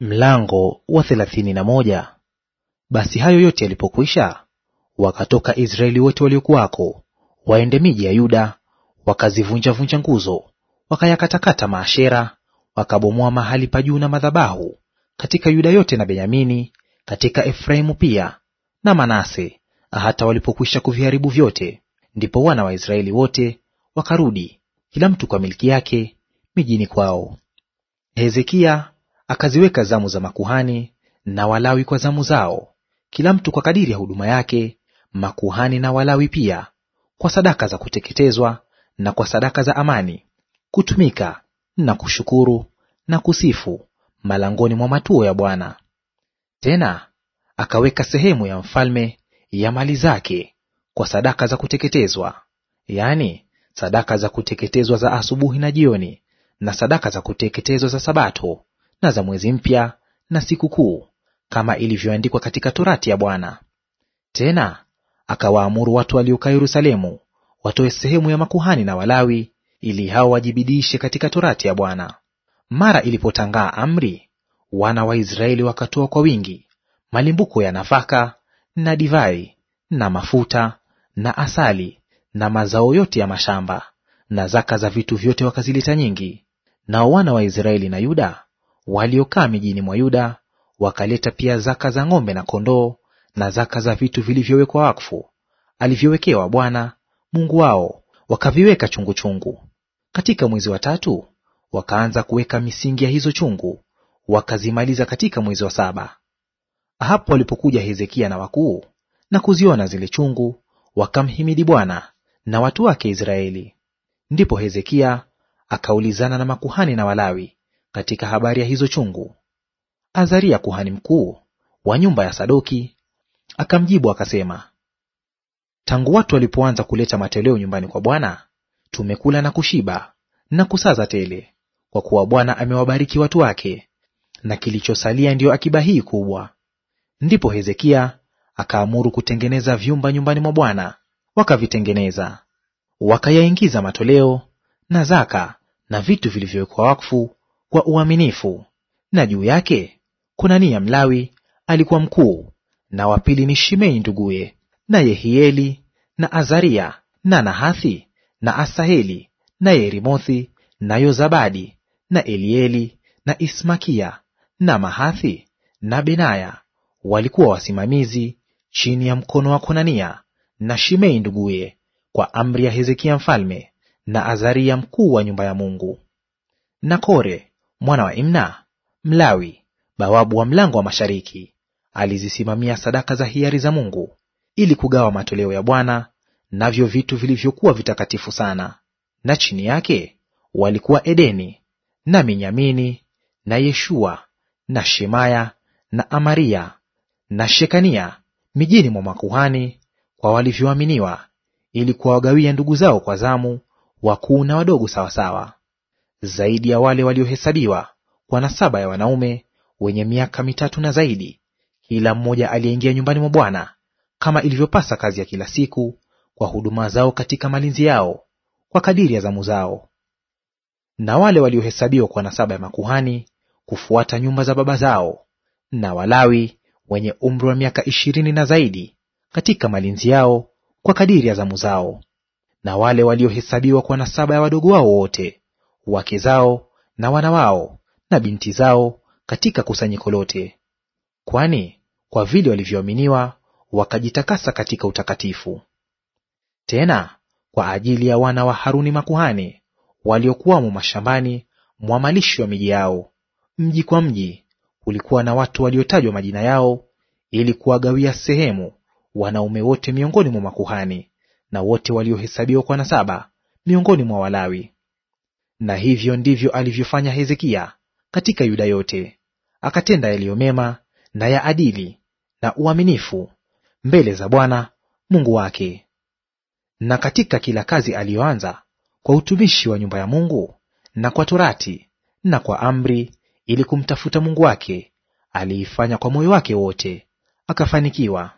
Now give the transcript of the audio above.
Mlango wa thelathini na moja. Basi hayo yote yalipokwisha, wakatoka Israeli wote waliokuwako waende miji ya Yuda, wakazivunjavunja nguzo, wakayakatakata maashera, wakabomoa mahali pa juu na madhabahu katika Yuda yote na Benyamini, katika Efraimu pia na Manase, hata walipokwisha kuviharibu vyote, ndipo wana wa Israeli wote wakarudi kila mtu kwa milki yake mijini kwao. Hezekia akaziweka zamu za makuhani na Walawi kwa zamu zao, kila mtu kwa kadiri ya huduma yake, makuhani na Walawi pia kwa sadaka za kuteketezwa na kwa sadaka za amani, kutumika na kushukuru na kusifu malangoni mwa matuo ya Bwana. Tena akaweka sehemu ya mfalme ya mali zake kwa sadaka za kuteketezwa, yaani sadaka za kuteketezwa za asubuhi na jioni, na sadaka za kuteketezwa za Sabato na za mwezi mpya na kuu, kama ilivyoandikwa katika torati ya Bwana. Tena akawaamuru watu waliokaa Yerusalemu watoe sehemu ya makuhani na Walawi, ili hao wajibidiishe katika torati ya Bwana. Mara ilipotangaa amri, wana wa Israeli wakatoa kwa wingi malimbuko ya nafaka na divai na mafuta na asali na mazao yote ya mashamba na zaka za vitu vyote wakazileta nyingi. Nao wana wa Israeli na Yuda Waliokaa mijini mwa Yuda wakaleta pia zaka za ng'ombe na kondoo na zaka za vitu vilivyowekwa wakfu alivyowekewa Bwana Mungu wao, wakaviweka chungu chungu. Katika mwezi wa tatu wakaanza kuweka misingi ya hizo chungu, wakazimaliza katika mwezi wa saba. Hapo walipokuja Hezekia na wakuu na kuziona zile chungu, wakamhimidi Bwana na watu wake Israeli. Ndipo Hezekia akaulizana na makuhani na Walawi katika habari ya hizo chungu. Azaria kuhani mkuu wa nyumba ya Sadoki akamjibu akasema, tangu watu walipoanza kuleta matoleo nyumbani kwa Bwana tumekula na kushiba na kusaza tele, kwa kuwa Bwana amewabariki watu wake, na kilichosalia ndiyo akiba hii kubwa. Ndipo Hezekia akaamuru kutengeneza vyumba nyumbani mwa Bwana, wakavitengeneza, wakayaingiza matoleo na zaka na vitu vilivyowekwa wakfu kwa uaminifu, na juu yake Konania Mlawi alikuwa mkuu, na wa pili ni Shimei nduguye, na Yehieli na Azaria na Nahathi na Asaheli na Yerimothi na Yozabadi na Elieli na Ismakia na Mahathi na Benaya walikuwa wasimamizi chini ya mkono wa Konania na Shimei nduguye, kwa amri ya Hezekia mfalme na Azaria mkuu wa nyumba ya Mungu. Na Kore mwana wa Imna Mlawi, bawabu wa mlango wa mashariki, alizisimamia sadaka za hiari za Mungu ili kugawa matoleo ya Bwana navyo vitu vilivyokuwa vitakatifu sana. Na chini yake walikuwa Edeni na Minyamini na Yeshua na Shemaya na Amaria na Shekania mijini mwa makuhani kwa walivyoaminiwa, ili kuwagawia ndugu zao kwa zamu, wakuu na wadogo sawasawa zaidi ya wale waliohesabiwa kwa nasaba ya wanaume wenye miaka mitatu na zaidi, kila mmoja aliyeingia nyumbani mwa Bwana kama ilivyopasa kazi ya kila siku, kwa huduma zao katika malinzi yao, kwa kadiri ya zamu zao. Na wale waliohesabiwa kwa nasaba ya makuhani kufuata nyumba za baba zao, na Walawi wenye umri wa miaka ishirini na zaidi katika malinzi yao, kwa kadiri ya zamu zao, na wale waliohesabiwa kwa nasaba ya wadogo wao wote wake zao na wana wao na binti zao katika kusanyiko lote, kwani kwa vile walivyoaminiwa wakajitakasa katika utakatifu. Tena kwa ajili ya wana wa Haruni makuhani waliokuwamo mashambani mwa malisho ya miji yao, mji kwa mji, kulikuwa na watu waliotajwa majina yao, ili kuwagawia sehemu wanaume wote miongoni mwa makuhani na wote waliohesabiwa kwa nasaba miongoni mwa Walawi, na hivyo ndivyo alivyofanya Hezekia katika Yuda yote; akatenda yaliyo mema na ya adili na uaminifu mbele za Bwana Mungu wake. Na katika kila kazi aliyoanza kwa utumishi wa nyumba ya Mungu na kwa torati na kwa amri, ili kumtafuta Mungu wake, aliifanya kwa moyo wake wote, akafanikiwa.